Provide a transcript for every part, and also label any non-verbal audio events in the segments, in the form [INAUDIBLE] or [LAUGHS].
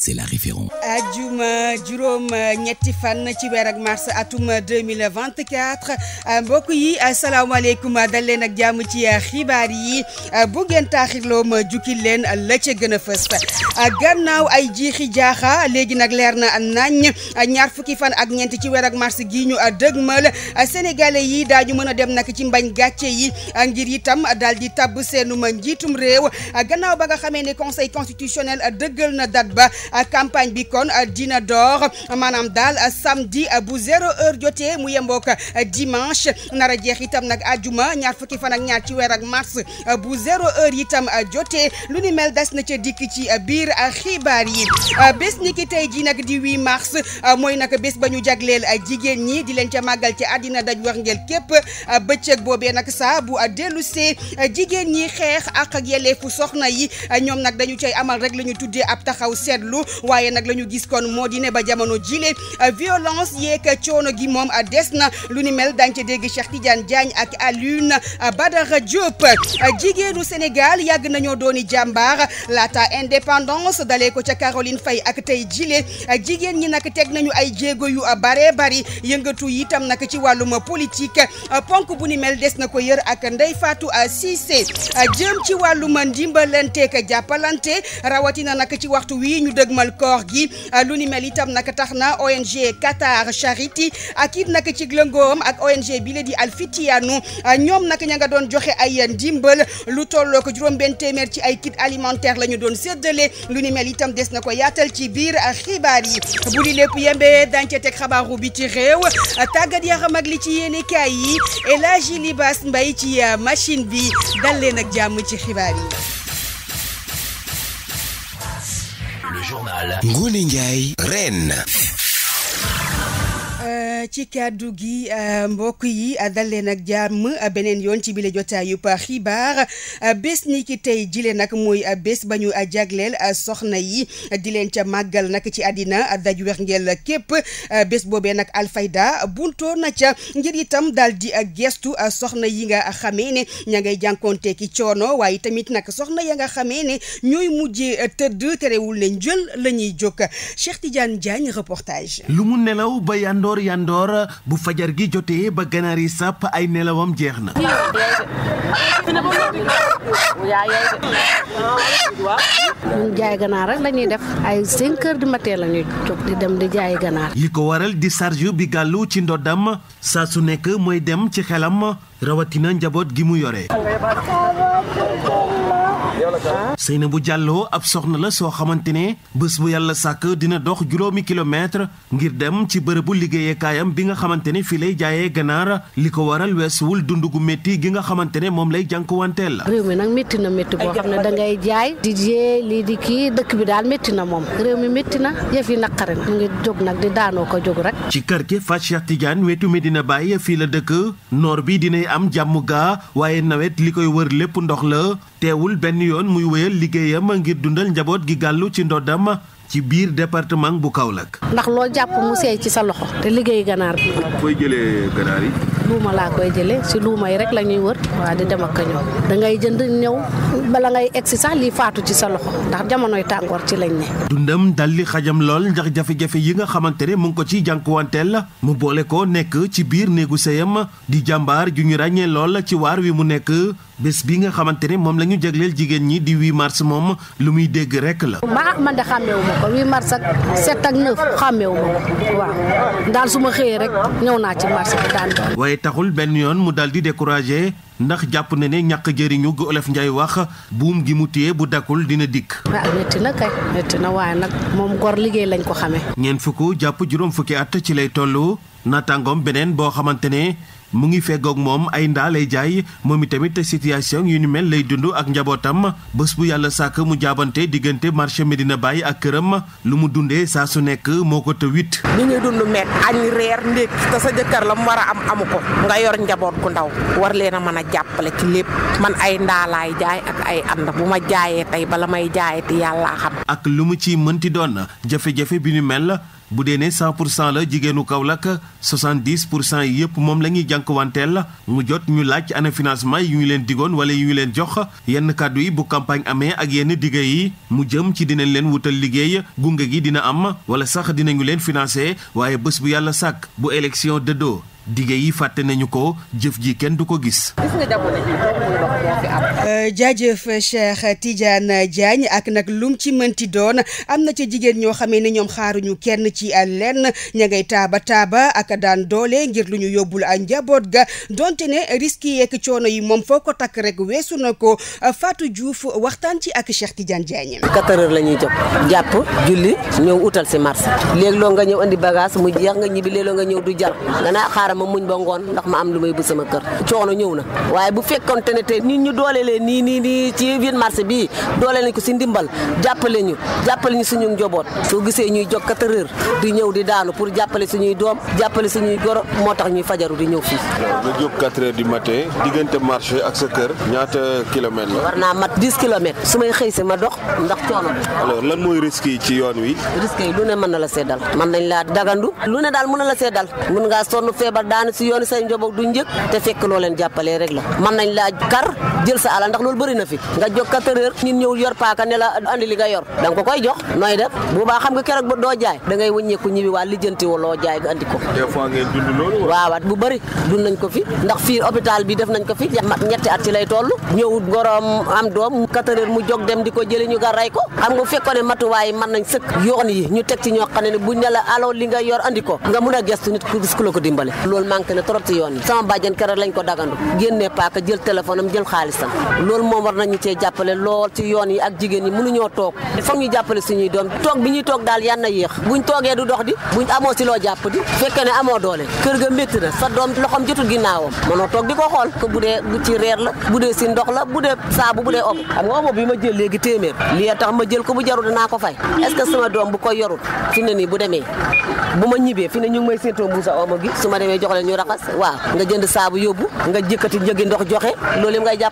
c'est la référence. ajuma juróom ñetti fan ci weer ak mars atum 2024 mbokk yi asalaamaaleykum dal leen ak jàmm ci xibaar yi bu ngeen ma jukkil leen la ca gën a fës gannaaw ay jiixi jaaxa léegi nag leer na nañ ñaar fukki fan ak ñeent ci weer ak mars gii ñu dëgmal sénégalais yi daañu mën a dem nag ci mbañ gàcce yi ngir itam daal di tabb ma njiitum réew gannaaw ba nga xamee ne conseil constitutionnel dëggal na dat ba. Euh, campagne bi kon euh, dina door maanaam daal euh, samedi bu zéro heure jotee mu yemboog dimanche nar a jeex itam nag ajuma ñaar fukki fan ak ñaar ci weer ak mars bu zéro heure itam jotee lu ni mel des na ca dikk ci biir xibaar yi bés ni tey ji nag di 8 mars mooy nag bés ba ñu jagleel jigéen ñi di leen ca màggal ci àddina daj wax ngeen képp bëccëg boobee nag saa bu dellu see jigéen ñi xeex ak ak yelleefu soxna yi ñoom nag dañu cay amal rek la ñu tuddee ab taxaw seetlu loolu waaye nag la ñu gis kon moo di ba jamono jile euh, violence yeeg coono gi moom euh, des na lu ni mel daañu ca dégg Cheikh Tidiane Diagne ak Alioune euh, Badara Diop jigéenu Sénégal yàgg nañoo dooni jàmbaar laata indépendance dalee ko ca Caroline Faye ak tey jile jigéen ñi nag teg nañu ay jéego yu bare bari yëngatu yi itam nag ci wàllum politique ponk bu ni mel des na ko yër ak ndey faatu Cissé jëm ci wàllum ndimbalante ak jàppalante rawatina nag ci waxtu wi dëgmal koor gi ah, lu ni mel itam nag tax na ONG Qatar Charity ak ah, it nag ci glangoom ak ONG bi la di Alfitiyanu ah, ñoom nag ña nga doon joxe ay ndimbal lu tolloo ko juróom-benn téeméer ci ay kit alimentaire la ñu doon séddale lu ni mel itam des na ko yaatal ci biir xibaar yi bu li lépp yembee dañ ca teg xabaaru bi ci réew tàggat yaram ak li ci yéenekaay yi El Hadji Libaas Mbay ci machine bi dal leen ak jàmm ci xibaar yi. journal Ngoné Ndiaye Reine Euh, ci kàddu gi euh, mbokk yi dal leen ak jàmm beneen yoon ci bile jotaayu xibaar euh, bés ni ki tey jilee nag mooy bés ba ñu jagleel soxna yi di leen ca màggal nag ci àddina daj weex ngeel képp bés boobee nag Alfayda buntoo na ca ngir itam daal di gestu soxna yi nga xamee ne ña ngay jànkoonte ki coono waaye tamit nag soxna ya nga xamee ne ñooy mujjee tëdd terewul ne njël la ñuy jóg Cheikh Tidiane Diagne reportage. lu mu nelaw ba yandoor Sitor Yandoor bu fajar gi jotee ba ganaar yi sàpp ay nelawam jeex na. ñun jaay ganaar rek la def ay 5 heures du matin la ñuy di dem di jaay ganaar. li ko waral di charge bi gàllu ci ndoddam saa su nekk mooy dem ci xelam rawatina njaboot gi mu yore. bu jàlloo ab soxna la soo xamante ne bés bu yàlla sàkk dina dox juróomi kilomètre ngir dem ci bërëbu liggéeyeekaayam bi nga xamante ne fii lay jaayee ganaar li ko waral weesuwul dund gu métti gi nga xamante ne moom lay jànkuwanteel. réew mi nag métti na métti boo xam ne da ngay jaay di jee lii di kii dëkk bi daal métti na moom réew mi métti na yëf yi naqari na mu ngi jóg nag di daanoo ko jóg rek. ci kër gi Fatou Cheikh Tidiane wetu Medina Baye fii la dëkk noor bi dinay am jàmm gaa waaye nawet li koy wër lépp ndox la yoon muy wéyal liggéeyam ngir dundal njaboot gi gàllu ci ndoddam ci biir département bu Kaolack. ndax loo jàpp mu seey ci sa loxo. te liggéey ganaar bi. fooy jëlee ganaar yi. luuma laa koy jëlee si luuma yi rek la ñuy wër waa di dem ak a ñëw dangay jënd ñëw bala ngay egsi sax lii faatu ci sa loxo ndax jamonoy tàngoor ci lañ ne. dundam dal li xajam lool ndax jafe-jafe yi nga xamante ne mu ngi ko ciy la mu boole ko nekk ci biir néegu sëyam di jàmbaar ju ñu ràññee lool la ci waar wi mu nekk bés bi nga xamante ne moom la ñu jagleel jigéen ñi di 8 mars moom lu muy dégg rek la. man de xàmmeewu ma ko 8 mars ak 7 ak 9 xàmmeewu su ma xëyee rek ñëw naa waaye taxul benn yoon mu daal di découragé ndax jàpp na ne ñàkk jëriñu gu olof Njaay wax buum gi mu téye bu dakkul dina dikk. ah métti na kay métti na waaye nag moom gor liggéey lañ ko xame ngeen fukk jàpp juróom fukki at ci lay toll naataangoom beneen boo xamante ne. mu ngi feggoog moom ay ndaa lay jaay moom itamit situation yu ni mel lay dund ak njabootam bés bu yàlla sàkk mu jaabante diggante marché Medina bàyyi ak këram lu mu dundee saa su nekk moo ko tëwit. ñu ngi dund met añ reer ndékk te sa jëkkër la mu war a am amu ko nga yor njaboot ku ndaw war leen a mën a jàppale ci lépp man ay ndaalaay jaay ak ay ànd bu ma jaayee tey bala may jaayee te yàlla xam. ak lu mu ci mënti doon jafe-jafe bi ni mel. bu dee ne 100 pour cent la jigéenu Kaolack 70 pour cent yi yëpp moom la ñuy jànkuwanteel mu jot ñu laaj ane financement yu ñu leen digoon wala yu ñu leen jox yenn kàddu yi bu campagne amee ak yenn digge yi mu jëm ci dinañ leen wutal liggéey gunge gi dina am wala sax dinañu leen financé waaye bés bu yàlla sàkk bu élection dëddoo dige yi fàtte nañu ko jëf ji kenn du ko gis. gis nga jamono euh, jaajëf Cheikh Tidiane Diagne ak nag lum ci mënti doon am na ca jigéen ñoo xamee ne ñoom xaaruñu kenn ci lenn ña ngay taaba taaba ak daan doole ngir lu ñu yóbbul a njaboot ga donte ne risques yeeg coono yi moom foo ko takk rek weesu na ko Fatou Diouf waxtaan ci ak Cheikh Tidiane Diagne. 4 heures la ñuy jóg jàpp julli ñëw utal si marché léeg loo nga ñëw indi bagage mu jeex nga ñibbi léeg loo nga ñëw du jar nga naa ma muñ ba ngoon ndax ma am lu may bu sama kër coono ñëw na waaye bu fekkonte ne te nit ñu doole leen nii nii nii ci biir marché bii doole lañ ko si ndimbal jàppale ñu jàppale ñu suñu njoboot soo gisee ñuy jog quatre heures di ñëw di daanu pour jàppale suñuy doom jàppale ñuy goro moo tax ñuy fajaru di ñëw fii nga jóg quatre heures du matin diggante marché ak sa kër ñaata kilomètres la war naa mat dix kilomètres su may xëy si ma dox ndax coono alors lan mooy risque yi ci yoon wi risque yi lu ne mën na la seddal mën nañ laa dagandu la seddal daanu si yoonu say njaboot du njëkk te fekk loo leen jàppalee rek la mën nañ laa kar jël sa alal ndax loolu bari na fi nga jóg 4 heures nit ñëw yor paaka ne andi li nga yor da nga koy jox nooy def bu baax xam nga keroog ba doo jaay da ngay wëññeeku ñibi waa lijjanti waloo jaay nga andi ko des fois bu bëri dund nañ ko fi ndax fii hôpital bi def nañ ko fi ñetti at ci lay toll ñëwut goroom am doom 4 heures mu jóg dem di ko jëli ñu gar ray ko xam ga fekkoon ne matuwaay mën nañ sëkk yoon yi ñu teg ci ñoo xam ne buñ ne la aloo li nga yor andi ko nga mun a gestu nit ku gis ku la ko dimbale loolu manqué na trop ci yoon yi sama bàjjen keroog lañ ko dagandu génnee paaka jël téléphone jël xaalis xaalisam loolu moom war nañu cee jàppale lool ci yoon yi ak jigéen yi mënuñoo toog foog ñu jàppale suñuy doom toog bi ñuy toog daal yan na yéex buñ toogee du dox di buñ amoo si loo jàpp di fekkee ne amoo doole kër ga métti na sa doom loxoom jotul ginnaawam mënoo toog di ko xool ko bu dee ci reer la bu dee si ndox la bu dee saabu bu dee omo xam nga omo bi ma jël léegi téeméer li tax ma jël ko bu jarul dinaa ko fay est-ce doom bu ko yorul fi ne nii bu demee bu ma ñibbee fi ne ñu ngi may séentoo mbuusa omo gi su ma demee jox leen ñu raxas waaw nga jënd saabu yóbbu nga jëkkati njëgi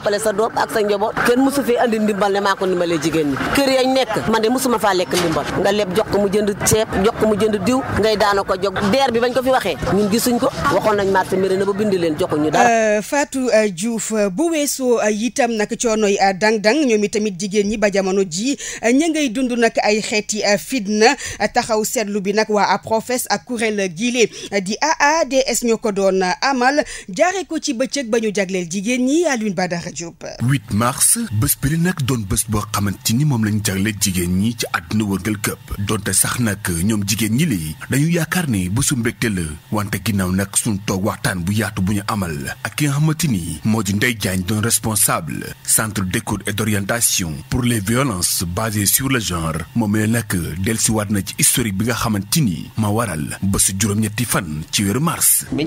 jàppale sa doom ak sa njaboot kenn mosu fee andi ndimbal ne maa ko ndimbalee jigéen ñi kër yañ nekk man de mosuma faa lekk ndimbal nga leb jox ko mu jënd ceeb jox ko mu jënd diw ngay daana ko jog deer bi bañ ko fi waxee ñun gisuñ ko waxoon nañ marché mbiri na ba bindi leen joxuñu dara euh, Fatou euh, Diouf euh, bu weesoo itam nag coonoy dang-dang ñoom tamit jigéen ñi ba jamono ji ña ngay dund nag ay xeeti fitna taxaw seetlu bi nag waa APROFES ak kuréel giile di AADS ñoo ko doon amal jaare ko ci bëccëg ba ñu jagleel jigéen ñi Alioune Badara Diop. 8 mars bés bi nag doon bés boo xamante ni moom lañ jagle jigéen ñi ci àdduna wërngal këpp donte sax nag ñoom jigéen ñi lii dañu yaakaar ne bésu mbégte la wante ginnaaw nag suñu toog waxtaan bu yaatu bu ñu amal ak ki nga xamante ni moo di Ndeye Diagne doon responsable centre d'écoute et d'orientation pour les violences basées sur le genre moom la nag dellusiwaat na ci historique bi nga xamante ni ma waral bésu juróom-ñetti fan ci weeru mars. bi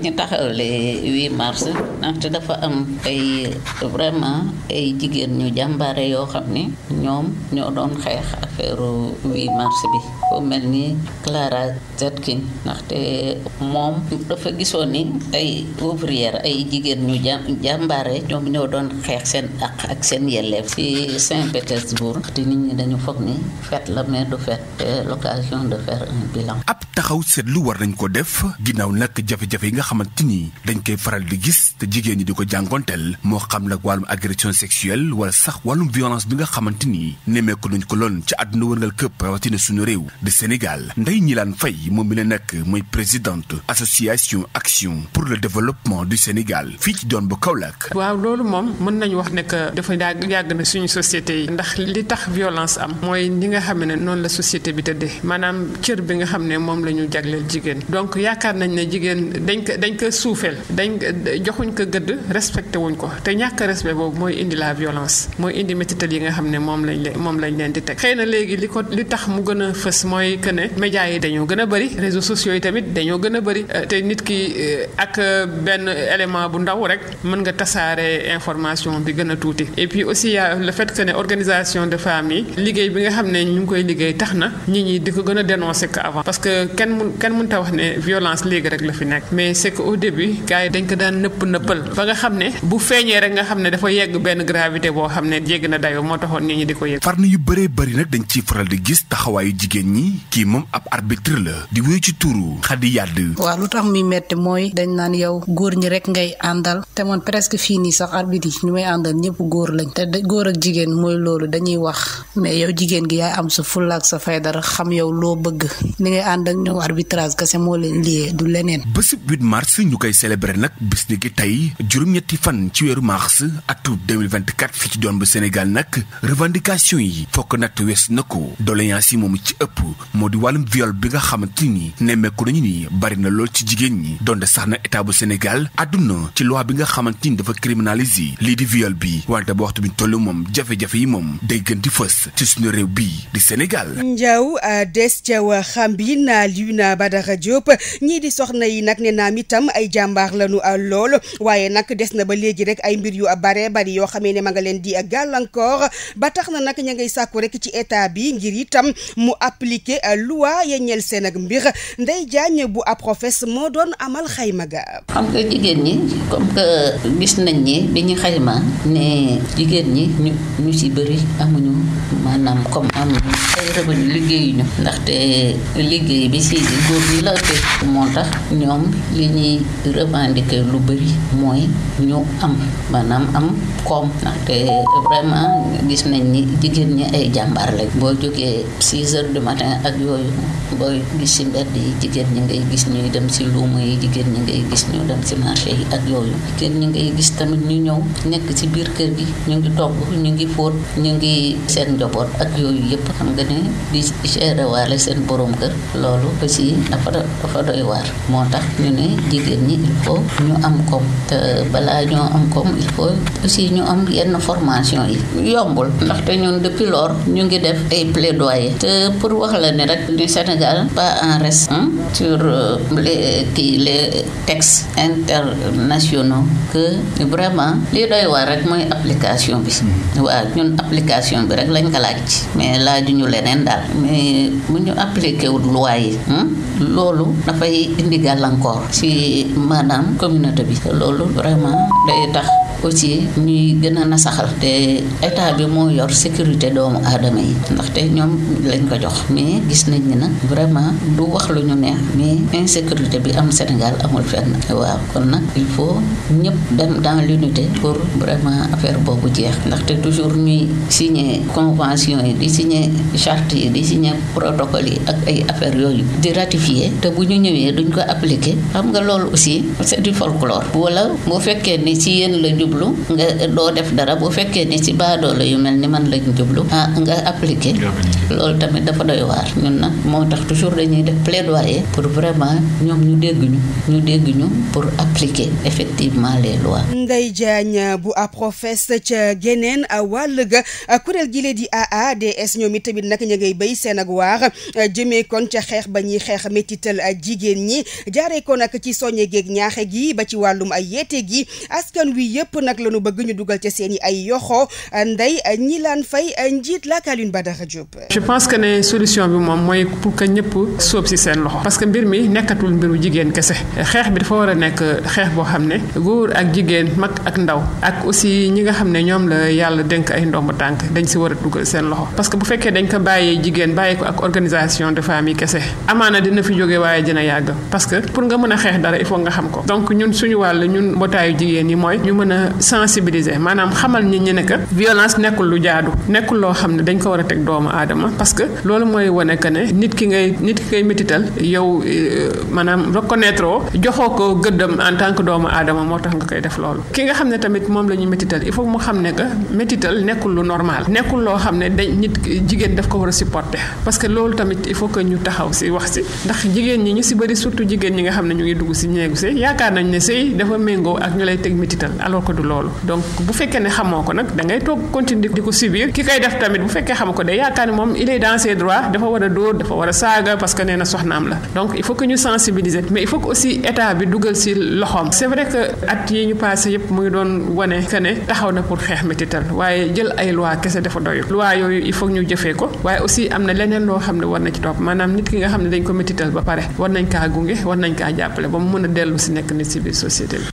vraiment ay jigéen ñu jàmbaare yoo xam ni ñoom ñoo doon xeex affaire 8 mars bi ku mel ni Clara Zetkin ndaxte moom dafa gisoon ni ay ouvrière ay jigéen ñu jàmbaare ñoom ñoo doon xeex seen àq ak seen yelleef ci Saint-Pétersbourg te nit ñi dañu foog ni fet la mais du fête euh, l'occasion de faire un bilan ab taxaw seetlu war nañ ko def ginnaaw nakk jafe-jafe yi nga xamante ni dañ koy faral di gis te jigéen ñi di ko jànkonteel moo xam nag wàllum agression sexuelle wala sax wàllum violence bi nga xamante ni nemmeeku nañ ko loon ci àdduna wërngal këpp rawatina suñu réew di Sénégal Ndeye Gnilane Faye moom mi la nekk mooy présidente association action pour le développement du Sénégal fii ci doon bu Kaolack. waaw loolu moom mën nañu wax ne que dafa yàgg na suñu société yi ndax li tax violence am mooy ni nga xam ne noonu la société bi tëddee maanaam cër bi nga xam ne moom la ñu jagleel jigéen donc yaakaar nañ ne jigéen dañ ko dañ ko suufeel dañ joxuñ ko gëdd respecté wuñ ko boobu mooy indi la violence mooy indi métital yi nga xam ne moom lañ leen moom lañ leen di teg xëy na léegi li ko li tax mu gën a fës mooy que ne médias yi dañoo gën a bëri réseaux sociaux yi tamit dañoo gën a bari te nit ki euh, ak euh, benn élément bu ndaw rek mën nga tasaare information bi gën a tuuti et puis aussi y a le fait que ne organisation de femmes yi liggéey bi nga xam ne ñu ngi koy liggéey tax na ñi ñi di ko gën a denoo que avant parce que kenn mun kenn mun ta wax ne violence léegi rek la fi nekk mais c'est que au dafa yegg benn gravité boo xam ne jégg na dayo moo taxoon nit ñi di ko yëg yu bëree bëri nag dañ ciy faral di gis taxawaayu jigéen ñi kii moom ab arbitre la di wéy ci tuuru xadi yàdd waaw lu tax muy metti mooy dañ naan yow góor ñi rek ngay àndal te man presque fii nii sax arbitre yi ñu may àndal ñëpp góor lañ te góor ak jigéen mooy loolu dañuy wax mais yow jigéen gi yaay am sa fulla ak sa fay dara xam yow loo bëgg ni ngay ànd ak ñoom arbitrage kese moo leen lié du leneen bésub 8 mars ñu koy célébrer nag bis ki tey juróom-ñetti fan ci weeru mars atum 2024 fii ci doon bu Sénégal nag revendication yi fokk natt wees na ko doléance yi moom ci ëpp moo di wàllum viol bi nga xamante ni nemmeeku nañu ni bari na lool ci jigéen ñi donte sax na état bu Sénégal àdduna ci loi bi nga xamante ni dafa criminaliser lii di viol bi wante ba waxtu bi toll moom jafe-jafe yi moom day di fës ci suñu réew bii di Sénégal. Ndiaw euh, des Thiaw Xambine Luna Badara Diop ñii di soxna yi nag nee naam itam ay jàmbaar lañu euh, lool waaye nag des na ba léegi rek ay mbir yu bari bare bari yoo xamee ne ma nga leen di gàllankoor ba tax na nag ñu ngay sàkku rek ci état bi ngir itam mu appliquer euh, loi ya ñeel seen ak mbir Ndeye Diagne bu APROFES moo doon amal xayma ga. xam nga jigéen ñi comme que gis nañ ni bi ñu xayma ne jigéen ñi ñu ñu ci bëri amuñu maanaam comme amuñu ay revenu liggéeyuñu ndaxte liggéey bi ci góor ñi la ëppee moo tax ñoom li ñuy revendiquer lu bari mooy ñu am maanaam am am koom ndaxte vraiment gis nañ ni jigéen ñi ay jàmbaar boo jógee 6 heures du matin ak yooyu booy gis si mbedd yi jigéen ñi ngay gis ñuy dem si luuma yi jigéen ñi ngay gis ñu dem si yi ak yooyu jigéen ñi ngay gis tamit ñu ñëw nekk si biir kër gi ñu ngi togg ñu ngi fóot ñu ngi seen njaboot ak yooyu yëpp xam nga ne di gérer waale seen boroom kër loolu aussi dafa dafa doy waar moo tax ñu ne jigéen ñi il faut ñu am koom te balaa ñoo am koom il faut aussi ñu am yenn formation yi yombul ndaxte ñun depuis lors ñu ngi def ay plaidoyer te pour wax la ne rek ni Sénégal pas en reste sur euh, le kii les textes internationaux que vraiment li doy waar rek mooy application bi mm-hmm. waaw ñun application bi rek lañ ko laaj mais laajuñu leneen daal mais mu ñu appliqué wul loi yi loolu dafay indi gàllankoor si maanaam communauté bi loolu vraiment day tax aussi ñuy gën a nasaxal te état bi moo yor sécurité doomu aadama yi ndaxte ñoom lañ ko jox mais gis nañ ni nag vraiment du wax lu ñu neex un sécurité bi am Sénégal amul fenn waaw kon nag il faut ñëpp dem dans l'unité pour vraiment affaire boobu jeex ndaxte toujours ñuy signer convention yi di signer charte yi di signer protocole yi ak ay affaire yooyu di ratifier te bu ñu ñëwee duñ ko appliquer xam nga loolu aussi c'est du folklore wala bu fekkee ni jublu nga doo def dara bu fekkee ni ci baadoola yu mel ni man lañ jublu ah nga appliqué loolu tamit dafa doy waar ñun nag moo tax toujours dañuy def plaidoyer pour vraiment ñoom ñu dégg ñu ñu ñu pour appliquer effectivement les lois. Ndeye Diagne bu APROFES ca geneen wàll ga kuréel di lee di AADS ñoom it tamit nag ñu ngay seen ak waar jëmee kon ca xeex ba ñuy xeex métital jigéen ñi jaaree ko nag ci soññe geeg ñaaxe gi ba ci wàllum ay yeete gi askan wi yëpp nag la ñu bëgg ñu dugal ca seen i ay yoxo nday ñi laan fay njiit la Alioune Badara Diop. je pense que ne solution bi moom mooy pour que ñëpp soob si seen loxo parce que mbir mi nekkatul mbiru jigéen kese xeex bi dafa war a nekk xeex boo xam ne góor ak jigéen mag ak ndaw ak aussi ñi nga xam ne ñoom la yàlla dénk ay ndomb tànk dañ si war a dugal seen loxo parce que bu fekkee dañ ko bàyyee jigéen bàyyi ko ak organisation am famille kese amaana dina fi jóge waaye dina yàgg parce que pour nga mën a xeex dara il faut nga xam ko a sensibiliser maanaam xamal nit ñi ne que violence nekkul lu jaadu nekkul loo xam ne dañ ko war a teg doomu aadama parce que loolu mooy wane que ne nit ki ngay nit ki kay métital yow euh, maanaam reconnaître joxoo ko gëddam en tant que doomu aadama moo tax nga koy def loolu ki nga xam ne tamit moom la ñu métital il faut mu xam ne que métital nekkul lu normal nekkul loo xam ne dañ nit jigéen daf ko war a supporter parce que loolu tamit il faut que ñu taxaw si wax si ndax jigéen ñi ñu si bëri surtout jigéen ñi nga xam ne ñu ngi dugg si ñeegu si yaakaar nañ ne sëy dafa méngoo ak ñu lay teg métital du loolu donc bu fekkee ne xamoo ko nag da ngay toog continuer di ko subir ki koy def tamit bu fekkee xamu ko day yaakaar ne moom il est dans ses dafa war a dóor dafa war a saaga parce que nee na soxnaam la donc il faut que ñu sensibiliser mais il faut aussi état bi dugal si loxoom c'est que at yi ñu passé yëpp mu ngi doon wane que ne taxaw na pour xeex métital waaye jël ay loi kese dafa doyul loi yooyu il faut ñu jëfee ko waaye aussi am na leneen loo xam ne war na ci topp maanaam nit ki nga xam ne dañ ko métital ba pare war nañ kaa gunge war nañ kaa jàppale ba mu a dellu si nekk nit si biir société bi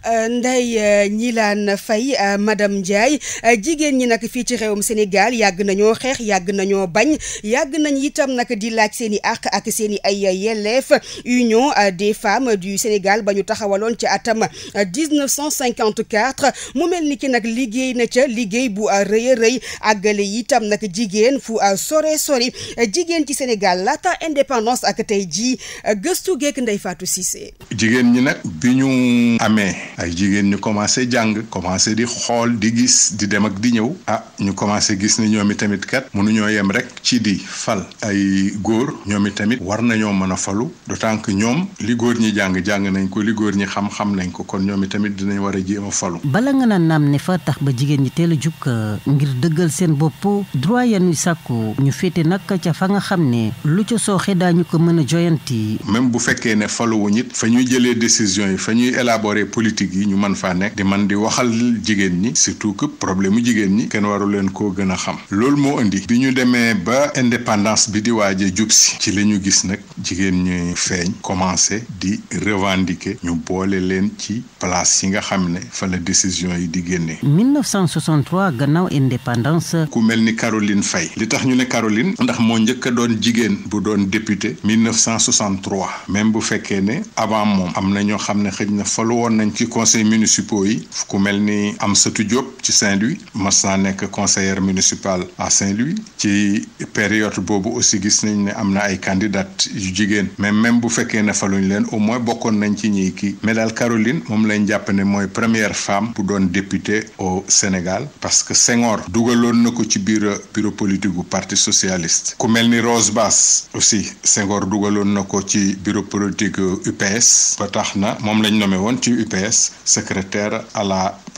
euh, euh, Faye euh, madame Ndiaye euh, jigéen ñi nag fii ci réewum Sénégal yàgg nañoo xeex yàgg nañoo bañ yàgg nañ itam nag di laaj seen i àq ak seeni i ay yelleef union euh, des femmes du Sénégal ba ñu taxawaloon ci atam 1954 mu mel ni ki nag liggéey na ca liggéey bu rëy a rëy àggale itam nag jigéen fu sore sori jigéen ci Sénégal laata indépendance ak tey jii gëstu geek Ndeye Fatou Cissé. jigéen ñi nag bi ñu amee ay jigéen ñu commencé jàng commencé di xool di gis di dem ak di ñëw ah ñu commencé gis ne ñoom i tamit kat mënuñoo yem rek ci di fal ay góor ñoom i tamit war nañoo mën a falu d'autant que ñoom li góor ñi jàng jàng nañ ko li góor ñi xam-xam nañ ko kon ñoom i tamit dinañ war a jéem a falu. bala nga naan naam ne fa tax ba jigéen ñi teel a jug euh, ngir dëggal seen bopp droit ya ñuy sàkku ñu féete nag ca fa nga xam ne lu ca sooxe daañu ko mën a joyanti. même bu fekkee ne faluwuñ it fa ñuy yi fa ñuy élaborer politique yi man tëral jigéen ñi surtout que problème mu jigéen ñi kenn waru leen koo gën a xam loolu moo indi bi ñu demee ba indépendance bi di waaj a jub si ci la ñu gis nag jigéen ñuy feeñ commencé di revendiquer ñu boole leen ci place yi nga xam ne fa la décision yi di génnee. 1963 gannaaw indépendance. ku mel ni Caroline Faye li tax ñu ne Caroline ndax moo njëkk a doon jigéen bu doon député 1963 même bu fekkee ne avant moom am na ñoo xam ne xëj na falu woon nañ ci conseil municipaux yi am ni Amsatou Diop ci Saint-Louis mas naa nekk conseillère municipale à Saint-Louis ci période boobu aussi gis nañ ne am na ay candidates yu jigéen mais même bu fekkee ne faluñ leen au moins bokkoon nañ ci ñiy kii mais daal moom lañ jàpp ne mooy première femme bu doon député au Sénégal parce que Senghor dugaloon na ko ci biir bureau politique bu parti socialiste ku mel ni Rose Bass aussi Senghor dugaloon na ko ci bureau politique UPS ba tax na moom lañ nommé woon ci UPS secrétaire à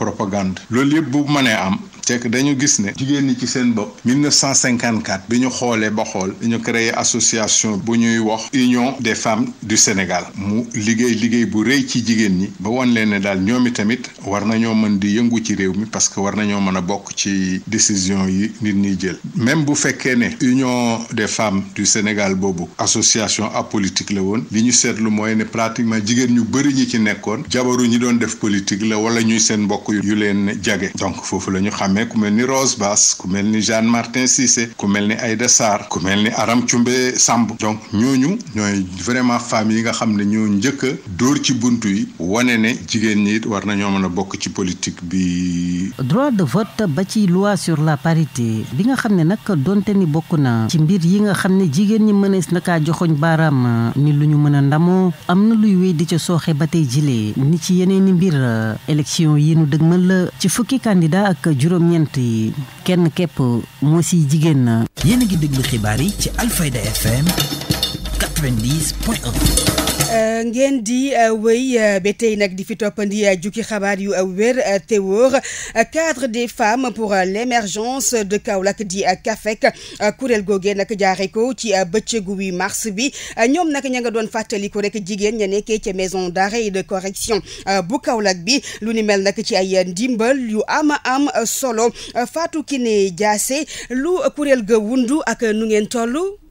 propagande loolu yëpp bu mënee am c'est que dañu gis ne jigéen ñi ci seen bopp 1954 bi ñu xoolee ba xool ñu créé association bu ñuy wax union des femmes du Sénégal mu liggéey liggéey bu rëy ci jigéen ñi ba wan leen ne daal ñoom itamit war nañoo mën di yëngu ci réew mi parce que war nañoo mën a bokk ci décision yi nit ñuy jël même bu fekkee ne union des femmes du Sénégal boobu association apolitique la woon li ñu seetlu mooy ne pratiquement jigéen ñu bëri ñi ci nekkoon jabaru ñi doon def politique la wala ñuy seen mbokk yu leen jage amee ku mel ni Rose Bass ku mel ni Jeanne Martin Cissé ku mel ni Aïda Sarr ku mel ni Aram Cumbe Samb donc ñooñu ñooy vraiment femmes yi nga xam ne ñoo njëkk dóor ci bunt yi wane ne jigéen ñi it war nañoo mën a bokk ci politique bi. droit de vote ba ci loi sur la parité bi nga xam ne nag donte ni bokk na ci mbir yi nga xam ne jigéen ñi mën na kaa joxoñ baaraam ni lu ñu mën a ndamoo am na luy wéy di ca sooxe ba tey jilee ni ci yeneen mbir élection ñeent yi kenn képp moo si jigéen na. yéen a déglu xibaar yi ci Alfayda FM Euh, ngeen di euh, wéy euh, ba tey nag di fi toppandi jukki xabaar yu wér te wóor cadre des femmes pour l'émergence de Kaolack di CAFEC kuréel googee nag jaaree ko ci bëccëgu 8 mars bi ñoom nag ña nga doon fàttaliku rek jigéen ña nekkee ca maison d'arrêt et de correction bu Kaolack bi lu ni mel nag ci ay ndimbal yu am am solo ki Kiné jaase lu kuréel ga wundu ak nu ngeen toll.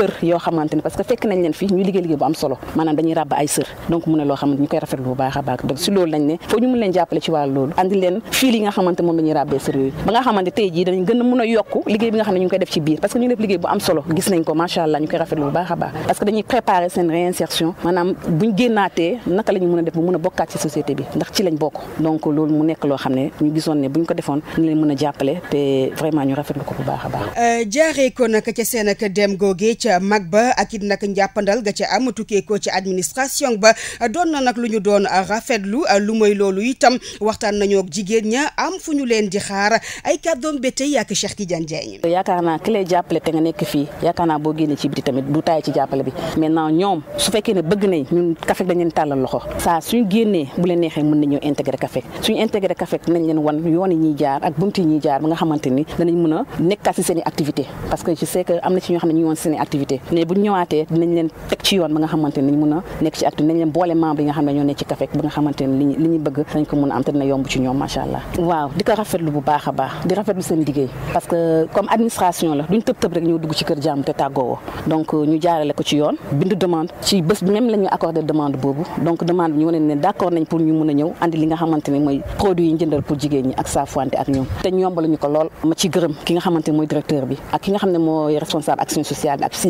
sër parce que fekk nañ leen fi ñu liggéey liggéey bu am solo maanaam dañuy ràbb ay sër donc mu ne loo xamante ñu koy ràbbee sër yooyu ba nga xamante tey jii dañ gën a mun a yokk liggéey bi nga xam ne ñu koy def ci biir parce que ñu def liggéey bu am solo gis nañ ko macha allah ñu koy rafetlu bu baax a baax parce naka la mun a def ba mun a bokkaat ci société bi ndax ci lañ bokk donc loolu mu nekk loo xam ne ñu gisoon ne buñ ñu ko bu baax a euh, ca mag ba ak it nag njàppandal ga ca am tukkee ko ci administration ba doon na nag lu ñu doon rafetlu lu mooy loolu itam waxtaan nañoo ak jigéen ña am fu ñu leen di xaar ay kàddoom ba tey ak Cheikh Tidiane Diagne. yaakaar naa ki lay jàppale te nga nekk fii yaakaar naa boo génnee ci biti tamit du taay ci jàppale bi maintenant ñoom su fekkee ne bëgg nañ ñun Café bu leen neexee mën nañoo intégré Café suñu intégré Café nañ leen wan yoon yi ñuy jaar ak buntu yi ñuy jaar ba nga xamante ni danañ mën a nekkaat si seen activité parce que je sais que am na ci ñoo ñu woon activité activité mais bu ñu ñëwaatee dinañ leen teg ci yoon ba nga xamante ne mun a nekk ci acte dinañ leen boole membre yi nga xam nañ li nga xamante mooy produit yi jëndal pour jigéen ñi ak saafuwante ak ñoom te ñu yombal ñu ko lool ma ci gërëm ki nga xamante mooy directeur bi ak ki nga xam ne mooy responsable action sociale bi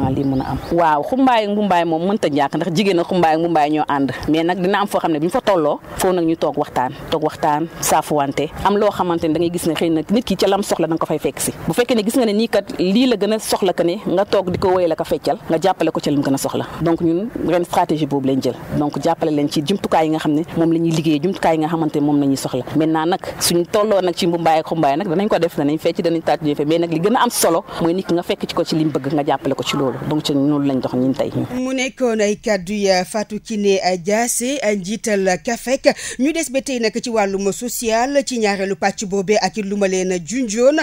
vraiment lii a la gën a soxla que ne nga toog di ko woy la ko feccal nga jàppale ko ca lim gën a soxla donc ñun nag suñ tolloo nag ci mbumbaay ak xumbaay nag danañ ko def danañ fecc danañ tàcc mais nag li gën a am solo mooy nit ki nga fekk ci ko ci lim bëgg nga jàppale ko ci loolu loolu donc ci noonu lañ dox ñun tey. mu nekkoon ay kàddu ya Fatou Kiné Diasé njiital Cafek ñu des ba tey nag ci wàllum social ci ñaareelu pàcc boobee ak it lu ma leen junjoon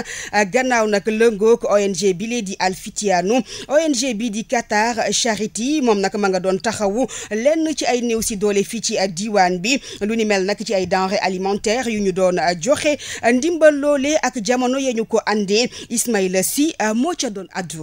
gannaaw nag lëngoog ONG bi lee di Alfitiano ONG bi di Qatar Charity moom nag ma nga doon taxawu lenn ci ay néew si doole fii ci diwaan bi lu ni mel nag ci ay denrées alimentaires yu ñu doon joxe ndimbal loolee ak jamono ya ko andee Ismaïla si moo ca doon addu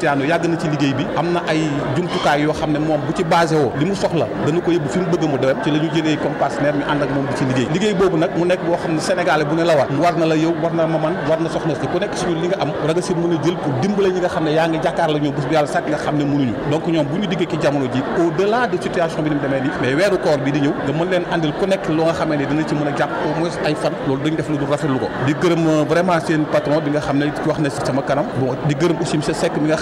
Cristiano yàgg na ci liggéey bi am na ay jumtukaay yoo xam ne moom bu ci basé li mu soxla dana ko yóbbu fi mu bëgg mu dem ci la ñu jëlee comme partenaire ñu ànd ak moom bi ci liggéey liggéey boobu nag mu nekk boo xam ne sénégalais bu ne la war war na la yow war na ma man war na soxna si ku nekk suñu li nga am war nga si mën jël pour dimbale ñi nga xam ne yaa ngi jàkkaar la ñoom bés yàlla sàkk nga xam ne mënuñu donc ñoom bu ñu diggee ci jamono ji au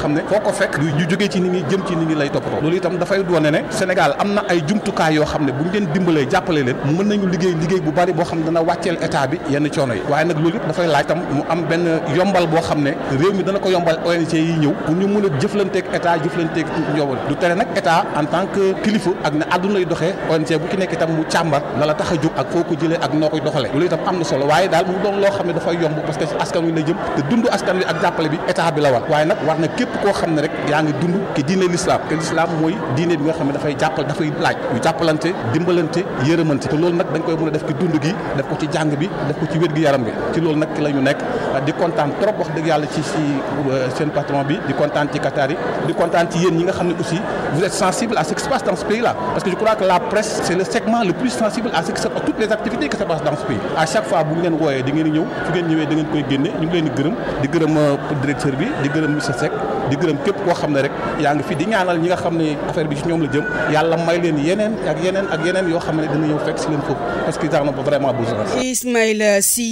xam ne foo ko fekk ñu jógee ci nit ñi jëm ci nit ñi lay toppatoo loolu itam dafay doone ne Sénégal am na ay jumtukaay yoo xam ne bu ñu leen dimbalee jàppale leen mën nañu liggéey liggéey bu bari boo xam ne dana wàcceel état bi yenn coono yi waaye nag loolu it dafay laaj tam mu am benn yombal boo xam ne réew mi dana ko yombal ONG yi ñëw pour ñu mën a jëflanteeg état jëflanteeg njoobal du tere nag état en tan que kilifa ak ne àdduna lay doxee ONG bu ki nekk itam mu càmbar la la tax a jóg ak foo jëlee ak noo koy doxalee loolu itam am na solo waaye daal mu loo xam ne dafay yomb parce la jëm te dund askan wi ak jàppale bi état bi la waaye nag war na képp koo xam ne rek yaa ngi dund ki diine l'islam te l'islam mooy diine bi nga xam ne dafay jàppal dafay laaj ñu jàppalante dimbalante yërëmante te loolu nag dañ koy mën a def ci dund gi def ko ci jàng bi def ko ci wér gi yaram bi ci loolu nag ki la ñu nekk di kontaan trop wax dëgg yàlla ci ci euh, seen patron bi di kontaan ci Qatar yi di kontaan ci yéen ñi nga xam ne aussi vous êtes sensible à ce qui se passe dans ce pays parce que je crois la presse c'est le le plus sensible fois bu ngeen wooyee di ngeen ñëw fu ngeen ñëwee da ngeen koy gërëm di euh, bi di gërëm monsieur Seck di gërëm képp koo xam ne rek yaa ngi fi di ñaanal ñi nga xam ne affaire bi ci ñoom la jëm yàlla may leen yeneen ak yeneen ak yeneen yoo xam ne dina ñëw fekk si leen foofu parce que tax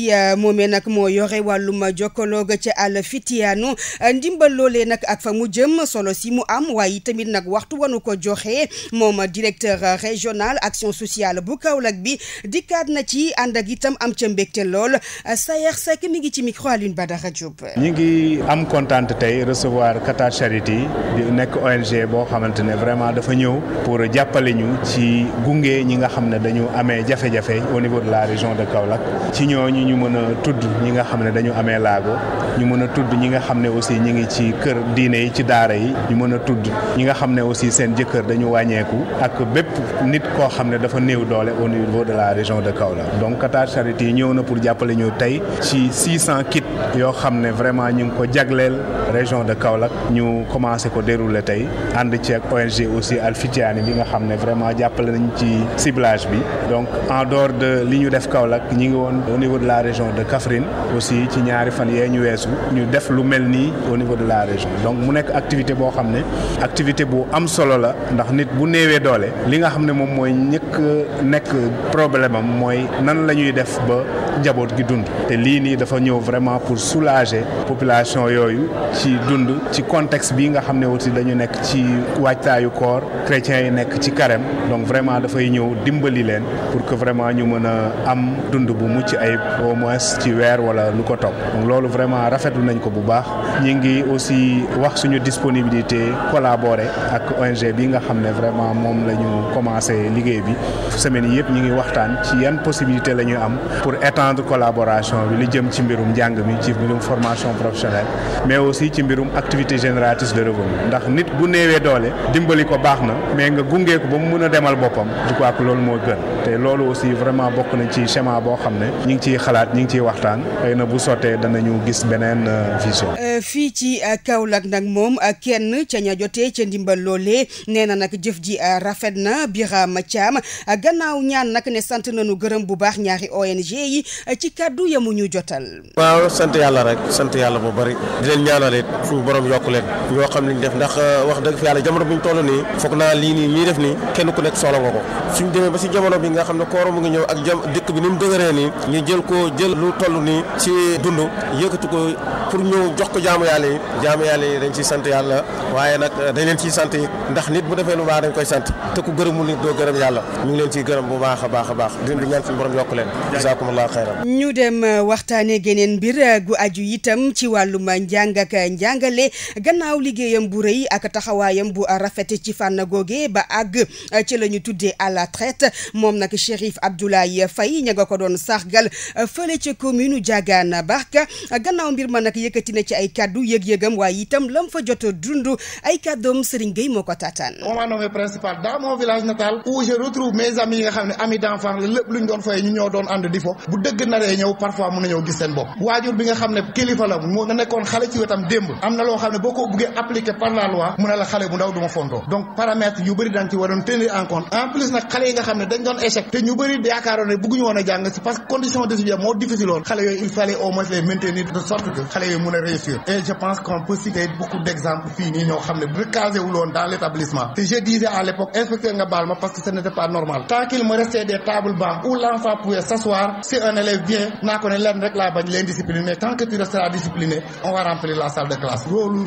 euh, na moo yore wàllum jokkaloo ga ca àll fitiyaanu euh, ndimbal loole nag ak fa mu jëm solo si mu am waaye tamit nag waxtu wanu ko joxe moom directeur régional action sociale bu kaw Kaolack bi dikkaat na ci ànd ak itam am ca mbégte lool sa euh, sa Seck mi ngi ci micro Alioune Badara Diop. ñi ngi am kontaan tey Qatar Charity yi nekk ONG boo xamante ne vraiment dafa ñëw pour jàppale ñu ci gunge ñi nga xam ne dañu amee jafe-jafe au niveau de la région de Kaolack ci ñooñu ñu mën a tudd ñi nga xam ne dañu amee laago ñu mën a tudd ñi nga xam ne aussi ñi ngi ci kër diine yi ci daara yi ñu mën a tudd ñi nga xam ne aussi seen jëkkër dañu wàññeeku ak bépp nit koo xam ne dafa néew doole au niveau de la région de Kaolack donc Qatar Charity ñëw na pour jàppale ñu tey ci 600 kits yoo xam ne vraiment ñu ngi ko jagleel région de Kaolack ñu commencé ko déroulé tey ànd ci ONG aussi Alfitiani bi nga xam ne vraiment jàppale nañ ci ciblage bi donc en dehors de li ñu def Kaolack ñi ngi woon au niveau de la région de Kaffrine aussi ci ñaari fan yee ñu weesu ñu def lu mel nii au niveau de la région donc mu nekk activité boo xam ne activité bu am solo la ndax nit bu néewee doole li nga xam ne moom mooy ñëkk nekk problème am mooy nan la ñuy def ba njaboot gi dund te lii nii dafa ñëw vraiment pour soulager population yooyu contexte bii nga xam ne aussi dañu nekk ci waajtaayu koor chrétiens yi nekk ci carême donc vraiment dafay ñëw dimbali leen pour que vraiment ñu mën a am dund bu mucc ayib au moins ci weer wala lu ko topp loolu vraiment rafetlu nañ ko bu baax ñi ngi aussi wax suñu disponibilité collaborer ak ONG bi nga xam ne vraiment moom la ñu commencé liggéey bi semaine yi yëpp ñi ngi waxtaan ci yan possibilité la ñu am pour étendre collaboration bi lu jëm ci mbirum njàng mi ci mbirum formation professionnelle activité génératrice de revenu ndax nit bu néewee na mais ko ba mu a demal boppam je crois moo gën te loolu aussi vraiment bokk ci schéma boo xam ne ñi ngi ciy xalaat ñi ngi ciy waxtaan xëy na bu sottee danañu gis beneen euh, vision. Euh, fii ci euh, Kaolack nag moom kenn ca ña jotee ca ndimbal loolee nee na nag jëf ji rafet na Birame Thiam gannaaw ñaan nag ne sant nañu gërëm bu baax ñaari ONG yi ci kàddu yamu ñu jotal. waaw sant yàlla rek sant yàlla bu bari di leen ñaanal it suñu borom yokk leen ñoo xam li ñu def ndax euh, wax dëgg fi yàlla jamono ba si jamono bi nga xam ne koor mu ngi ñëw ak jam dëkk bi ni mu dëgëree nii ñu jël ko jël ci dund yëkkati yi jaamu yàlla yi dañ ciy sant yàlla waaye nag euh, dañ leen ciy sant yi ndax nit bu defee lu baax dañ koy sant te ku gërëmul nit doo gërëm yàlla ñu ngi leen ciy gërëm bu baax a a baax di ñaan suñu borom yokk leen jazakumullahu xayran ñu dem euh, waxtaane geneen mbir gu aju itam ci wàllum njàng ak njàngale gannaaw liggéeyam bu rëy ak taxawaayam bu rafet ci fànn googe ba àgg euh, ci la ñu tuddee à la traite moom nag Chérif Abdoulaye Faye ña nga ko doon sargal euh, fële ca commune Diagane Barka gannaaw mbir ma nag yëkkati na ci ay kaddu yëg-yëgam waaye itam lam fa jot a dund ay kàddoom Serigne Gueye moo ko taataan. On m'a nommé principal dans mon village natal où je retrouve mes amis yi nga xam ne amis d'enfance la lépp luñ doon fayee ñu ñoo doon ànd di fo bu dëgg naree ñëw parfois mun na ñëw gis seen bopp waajur bi nga xam ne kilifa la moo nga nekkoon xale na loo xam ne boo ko buggee appliquer par la loi mu ne la xale bu ndaw du ma donc paramètre yu bëri dañ ci waroon tenir en compte en plus nag xale yi nga xam ne dañ doon échec te ñu bëri yaakaaroon ne bëgguñu woon a jàng si parce que condition de vie moo difficile woon xale yooyu il fallait au moins les maintenir de sorte que xale yooyu mën a réussir et je pense qu'on peut citer beaucoup d'exemples fii nii ñoo xam ne recasé wu loon dans l'établissement te je disais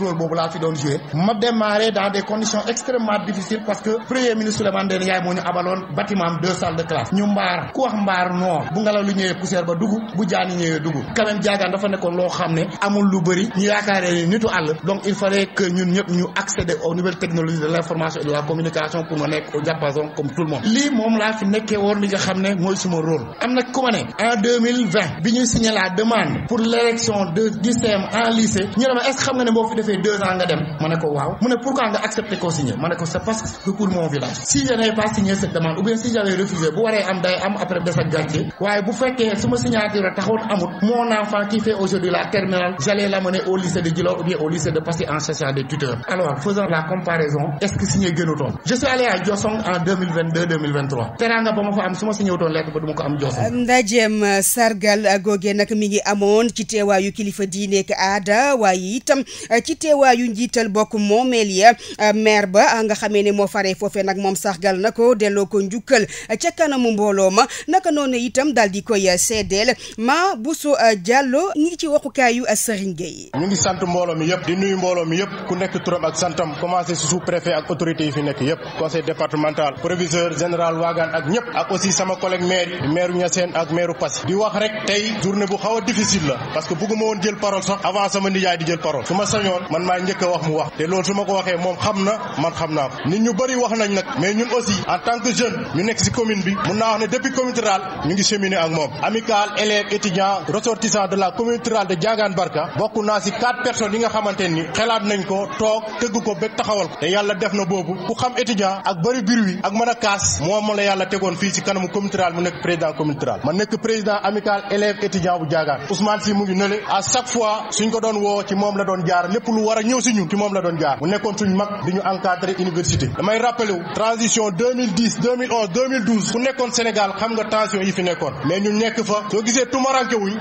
rôle boobu laa fi doon joué ma démarré dans des conditions extrêmement difficiles parce que premier ministre Souleymane Ndéné Ndiaye moo ñu abaloon bâtiment deux salles de classe ñu mbaar ku wax mbaar noor bu ngelaw lu ñëwee poussière ba dugg bu jaani ñëwee dugg quand jaagaan dafa nekkoon loo xam ne amul lu bëri ñu yaakaaree ni nitu àll donc il fallait que ñun ñëpp ñu accéder aux nouvelles de l'information de la communication pour ma nekk au diapason comme deux ans nga dem ma ne ko waaw mu ne pourquoi nga accepté koo signé ma ne ko pour mon village si je n'avais pas signé cette demande ou bien si j'avais refusé bu waree am day am après des ak waaye bu fekkee su ma signature taxoon amut mon enfant qui fait aujourd'hui la terminale j'allais l'amener au lycée de Djilor ou bien au lycée de Passy en cherchant des tuteurs alors faisons la comparaison est-ce que signé gënutoon je suis allé à teewaayu njiital bokk moomeel ya euh, maire ba euh, nga xamee ne moo faree foofee nag moom sax sargal na ko delloo ko njukkal euh, ca kanamu mbooloo ma naka noonu itam daal di koy seedeel ma Bousso Diallo ñi ci waxukaayu Serigne Gueye. ñu ngi sant mbooloo mi yëpp di nuyu mbooloo mi yëpp ku nekk turam ak santam commencé si sous préfet ak autorité yi fi nekk yëpp conseil départemental proviseur général Wagan ak ñëpp ak aussi sama collègue maire yi maire Niassène ak maire wax rek tey journée bu xaw a difficile la woon jël parole sax avant sama jël parole su ma sañoon man maa njëkk wax mu wax te loolu su ma ko waxee moom xam na man xam naa ko nit ñu bëri wax nañ nag mais ñun aussi en tant que jeune ñu nekk si commune bi mun naa wax ne depuis commune rurale ñu ngi cheminer ak moom amicale élèves étudiants ressortissants de la commune rurale de Diagane Barka bokk naa si quatre personnes yi nga xamante ni xelaat nañ ko toog tëgg ko ba taxawal ko te yàlla def na boobu ku xam étudiant ak bëri biir wi ak mën a kaas moom la tegoon fii si kanamu commune mu nekk président commune rurale ma nekk président à chaque fois suñ ko doon woo ci la doon jaar lu war a ñëw si ñun ci moom la doon jaar mu nekkoon suñ mag di ñu encadré université damay rappelé wu transition 2010 2011 2012 ku nekkoon Sénégal xam nga tension yi fi nekkoon mais ñu nekk fa soo gisee tumaranke wuñ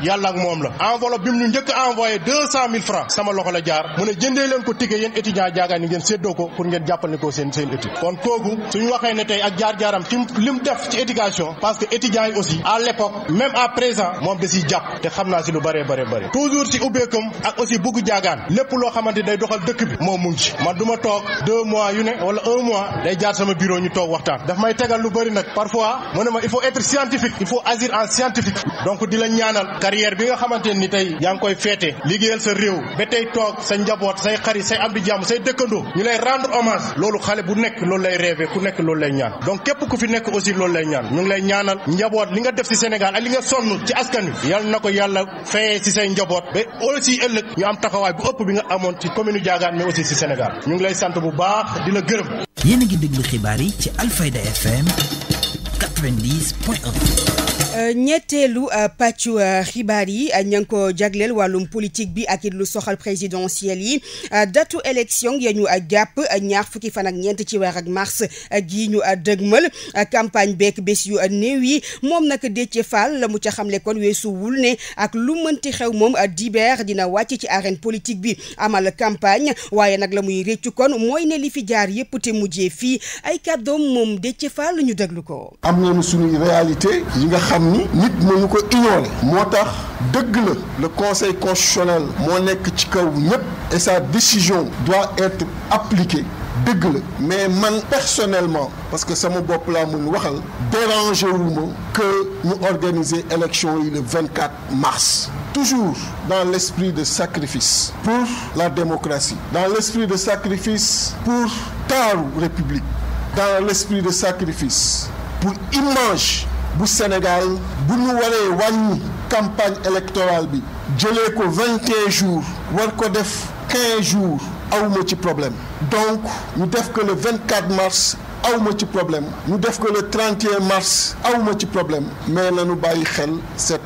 moom la enveloppe bi mu ñu njëkk envoyé 200 000 francs sama loxo la jaar mu ne jëndee ko ticket yéen étudiant jaagaan yi ngeen séddoo ko pour ngeen jàppal ni ko seen seen kon kooku suñu waxee ne tey ak jaar-jaaram xamante day doxal dëkk bi moom mu ngi ci man du ma toog deux mois yu ne wala un mois day jaar sama bureau ñu toog waxtaan daf may tegal lu bëri nag parfois mu ne ma il faut être scientifique il faut agir en scientifique donc di la ñaanal carrière bi nga xamante ni tey yaa ngi koy feete liggéeyal sa réew ba tey toog sa njaboot say xarit say am di jàmm say dëkkandoo ñu lay rendre hommage loolu xale bu nekk loolu lay rêvé ku nekk loolu lay ñaan donc képp ku fi nekk amoon ci commune Diagane mais aussi si ñu ngi lay sant bu baax di la gërëm. yéen gi ngi déglu xibaar yi ci Alfayda FM 90 point 1. Euh, ñetteelu euh, pàccu euh, xibaar yi ña ngi ko jagleel wàllum politique bi ak it lu soxal présidentielle yi datu élection ya ñu jàpp ñaar fukki fan ak ñeent ci weer ak mars gii ñu dëgmal campagne beek bés yu néew yi moom nag Déthié Fall la mu ca xamle kon weesuwul ne ak lu mënti xew moom dibeer dina wàcc ci arène politique bi amal campagne waaye nag la muy réccu kon mooy ne li fi jaar yëpp te mujjee fii ay kàddoom moom Déthié Fall ñu déglu ko. xam ni nit mënu ko ignorer moo tax dëgg la le conseil constitutionnel moo nekk ci kaw ñëpp et sa décision doit être appliquée dëgg la mais man personnellement parce que sama bopp laa mun waxal dérangé wu ma que ñu organiser élection yi le 24 mars toujours dans l'esprit de sacrifice pour la démocratie dans l'esprit de sacrifice pour taaru république dans l'esprit de sacrifice pour image bu Sénégal bu ñu waree wàññi campagne électorale bi jëlee ko vingt et jours war ko def quinze jours awma ci problème donc ñu def ko le vingt quatre mars awma ci problème ñu def ko le 31 mars awma ci problème mais nañu bàyyi xel cette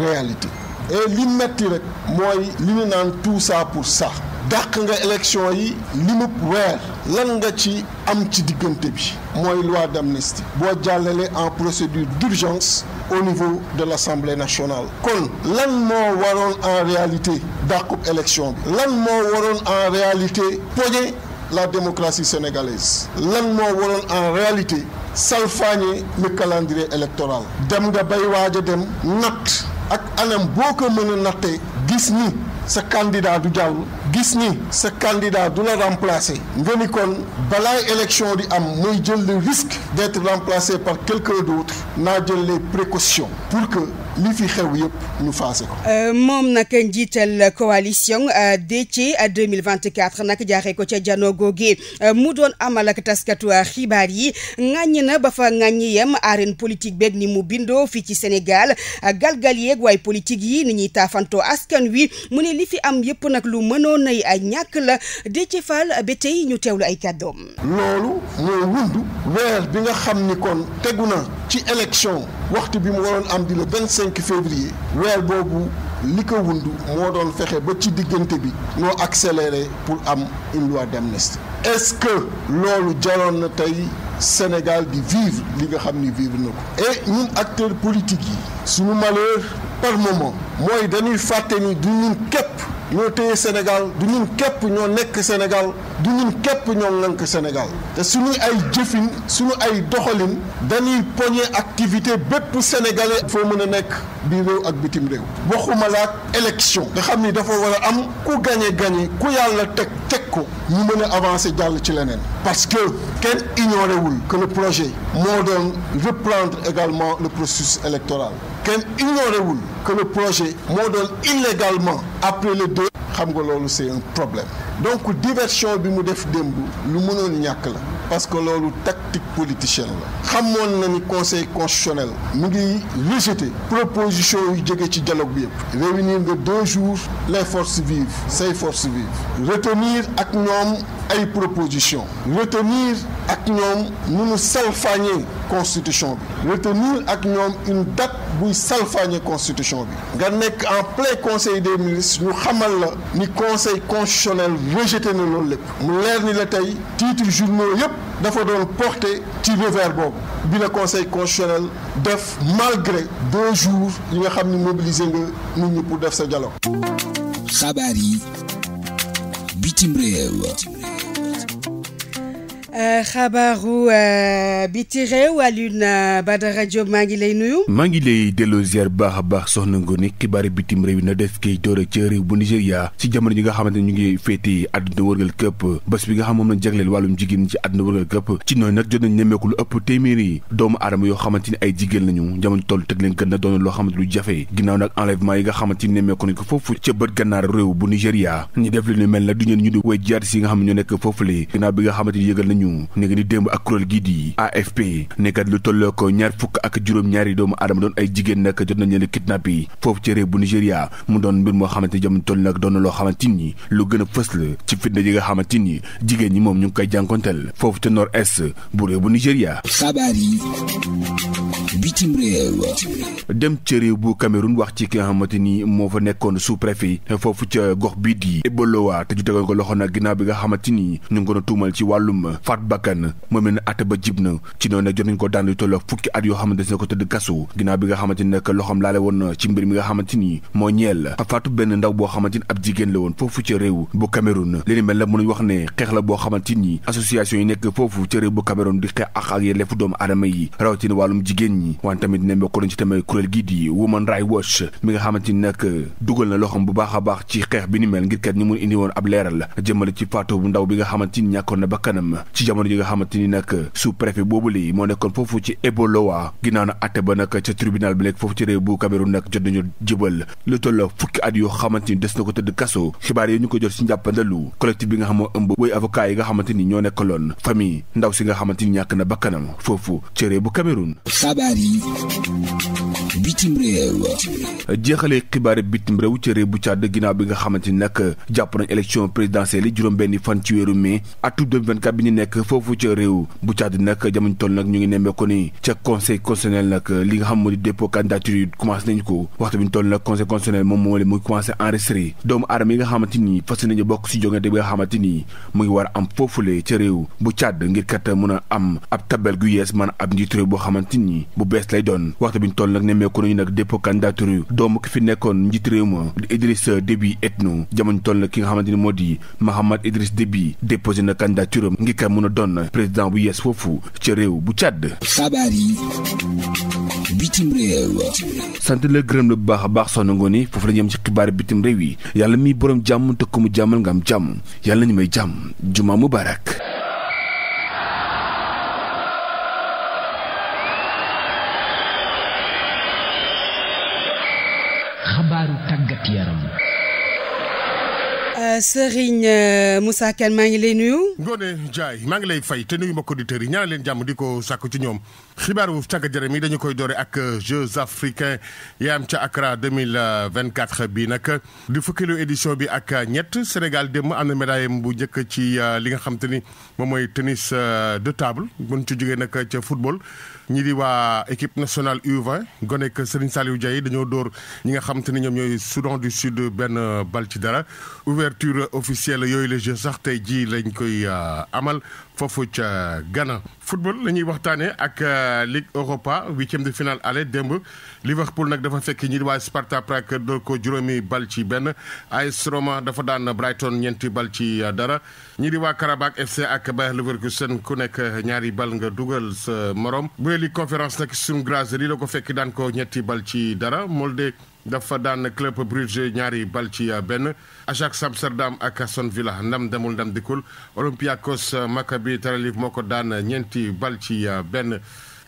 réalité et li metti rek mooy li ñu naan tout ça pour ça dàq nga élection yi li mu weer lan nga ci am ci diggante bi mooy loi d'amnistie boo jàllale en procédure d'urgence au niveau de l'Assemblée nationale kon lan moo waroon en réalité dàqub élection bi lan moo waroon en réalité poñe la démocratie sénégalaise lan moo waroon en réalité salfaañe le calendrier électoral dem nga bay waaj dem natt ak anam boo ko mën a nattee gis ni sa candidat du jàll gis ni sa candidat du la remplacer nga ni kon balaa élection di am mooy jël le risque d'être remplacé par quelqu'un d'autre naa jël les précautions pour que li fi xew yëpp ñu faase ko. Euh, moom nag njiital coalition euh, Déthié 2024 euh, nag jaaxee ko ca janoo googe mu doon amal ak taskatu xibaar yi ŋàññi na ba fa ŋàññi yem arène politique beeg ni mu bindoo fii ci Sénégal galgal yeeg waaye politique yi ni ñuy taafantoo askan wi mu ne li fi am yëpp nag lu mënoon nay ñàkk la Déthié Fall ba tey ñu teewlu ay kàddoom. loolu mooy wundu weer bi nga xam ni kon tegu na ci élection waxtu bi mu waroon am di le 25. cinq février weer boobu li ko wund moo doon fexe ba ci diggante bi noo accéléré pour am une loi d'amnistie est-ce que loolu jaroon na tey Sénégal di vivre li nga xam ni vivre na ko et ñun acteurs politiques yi suñu malheur par moment mooy dañuy fàtte ni du ñun képp ñoo téye Sénégal du ñun képp ñoo nekk Sénégal du ñun képp ñoo ŋànk Sénégal te suñu ay jëfin suñu ay doxalin dañuy poñe activité bépp sénégalais foo mën a nekk biir réew ak bitim réew maanaam élection nga xam ni dafa war a am ku gagné gagné ku yàlla teg teg ko ñu mën a avancer jàll ci leneen parce que kenn ignoré wul que le projet moo doon reprendre également le processus électoral kenn ignoré wul que le projet moo doon illégalement après le deux xam nga loolu c'est un problème donc diversion bi mu def démb lu mënoon ñàkk la parce que loolu tactique politicienne la xamoon na ni conseil constitutionnel mu ngi rejeté proposition yu jóge ci dialogue bi yëpp réunir nga deux jours les force vives say forces vives retenir ak ñoom ay proposition retenir ak ñoom nu nu salfaañee constitution bi retenir ak ñoom une date buy salfaañe constitution bi nga nekk en plein conseil des ministres ñu xamal la ni conseil constitutionnel rejeté na loolu lépp mu leer ni la tey titre journaux yépp dafa doon porté ci revers boobu bi la conseil constitutionnel def malgré deux jours yi nga xam ni mobilisé nga nit ñi pour def sa dialogue xabaar yi bitim réew xabaaru euh, biti réew Alioune euh, Badara Diop maa ngi lay nuyu. maa ngi lay delloo ziar baax a baax soxna Ngone xibaari bitim réew na def kay door ci réew bu Nigéria ci jamono ji nga xamante ne ñu ngi féete àdduna wërgal këpp bés bi nga xam moom na jagleel wàllum jigéen ci àdduna wërgal këpp ci noonu nag jot nañ nemmeeku lu ëpp téeméeri doomu aadama yoo xamante ay jigéen lañu jamono toll teg leen gën na doon loo xamante lu jafe yi nga xamante ni nemmeeku nañ ko foofu ca bët ñu def lu ñu mel nag du ñeen ñu di way jaar si nga xam nañu nekk di démb ak kuréel gii di AFP nekkat lu tolloo ko ñaar fukk ak juróom-ñaari doomu aadama doon ay jigéen nag jot nañ leen kidnappé yi foofu ci réew bu Nigéria mu doon mbir moo xamante ni jamono toll nag doon na loo xamante ni lu gën a fës la ci fitna yi nga xamante ni jigéen ñi moom ñu ngi koy jànkonteel foofu ca nord est bu réew bu Nigéria. xabaar yi bitim réew. dem ca réew bu Cameroun wax ci ki nga xamante ni moo fa nekkoon sous préfet foofu ca gox bii di Ebolowa te ju ko loxo nag ginnaaw bi nga xamante ni ñu ngi ko doon ci wàllum faat bakkan moom it ne atte ba jib na ci noonu nag jot nañ ko daan lu tolloo fukki at yoo xam ne ko tëdd kasu ginnaaw bi nga xamante ne nag loxoom laale woon na ci mbir mi nga xamante ni moo ñeel faatu benn ndaw boo xamante ni ab jigéen la woon foofu ci réew bu Cameroun li mel la mënuñ wax ne xeex la boo xamante ni association yi nekk foofu ci réew bu Cameroun di xeex ak ak yelleefu doomu aadama yi rawatina wàllum jigéen ñi waan tamit ne mbokk nañ ci tamit kuréel gii di Women Rights Watch mi nga xamante ni nag dugal na loxoom bu baax a baax ci xeex bi ni mel ngir kat ñu mun indi woon ab leeral jëmale ci faatu bu ndaw bi nga xamante ni ñàkkoon na bakkanam ci jamono ji nga xamante ni nag sous préfet boobu lii moo nekkoon foofu ci Ebolowa ginnaaw na àtte ba nag ca tribunal bi nekk foofu ci réew bu Cameroun nag jot nañu jëbal lu toll fukki at yoo xamante ni des na ko tëdd kaso xibaar yi ñu ko jot ci njàppandalu collectif bi nga xam ëmb woy avocat nga xamante ni ñoo nekkaloon famille ndaw si nga xamante ni ñàkk na bakkanam foofu ci réew bu Cameroun xabaar yi bitim réew jeexale xibaar bitim réew ca réew bu Tchad ginnaaw bi nga xamante ni nag jàpp nañ élection présidentielle juróom-benni fan ci weeru mai atu 2024 bi ñu nekk foofu ca réew bu ñu ngi nemmeeku ni ca conseil constitutionnel nag li nga xam moo di dépôt candidature yi commencé nañ ko waxtu bi ñu toll nag conseil constitutionnel moom moo leen mu commencé enregistré doomu aadama yi nga xamante ni fas nañu bokk si jongante bi nga xamante ni mu ngi war a am foofule ca réew bu Tchad ngir kat mën a am ab tabel gu yees maanaam ab njiitu réew boo xamante ni bu bees lay kon nemmeeku nañu nag dépôt candidature yu doomu ki fi nekkoon njiit réew ma di Idriss Déby Itno jamono toll na ki nga xamante ni moo di Mahamad Idriss Déby déposé na candidature am ngir ka mën a doon président bu yees foofu ca réew bu Tchad. xabaar yi bitim réew. sant la gërëm la bu baax a baax ngoon Ngoni foofu la ñu yem ci xibaar bitim réew yi yàlla mi borom jàmm te ko mu jàmmal nga am jàmm yàlla ñu may jàmm juma mubarak Serigne euh, Moussa Kane maa ngi lay nuyu. Ngone Ndiaye maa ngi lay fay te nuyu mbokk auditeurs yi ñaan leen jàmm di ko sàkk ci ñoom. xibaar bu càgg jërëm yi dañu koy doore ak euh, Jeux africains yi am ca Accra 2024 bi nag di fukkeelu édision bi ak ñett Sénégal démb am na médaille bu njëkk ci euh, li nga xam te ni moom mooy tennis euh, de table buñ ci jógee nag ca football ñi di waa équipe nationale U20 gonek Serigne Saliou Diaye dañoo dóor ñi nga xam ni ñoom ñooy Soudan du Sud benn bal ci dara ouverture officielle yooyu les Jeux sax tey ji lañ koy amal foofu ca gana football la ñuy waxtaanee ak euh, Ligue Europa huitième de finale aller démb Liverpool nag dafa fekk ñi di waa Sparta Prague door ko juróomi bal ci benn AS Roma dafa daan Brighton ñeenti bal ci euh, dara. ñi di waa Karabakh FC ak Bayer Leverkusen ku nekk euh, ñaari bal nga dugal sa morom bu dee Ligue conférence nag Sturm Graz lii la ko fekk daan ko ñetti bal ci dara Molde. dafa daan Club Brugge ñaari bal benn benn Ajax Amsterdam ak Aston Villa ndam demul ndam dikkul Olympiakos Maccabi Tel Aviv moo ko daan ñeenti balti benn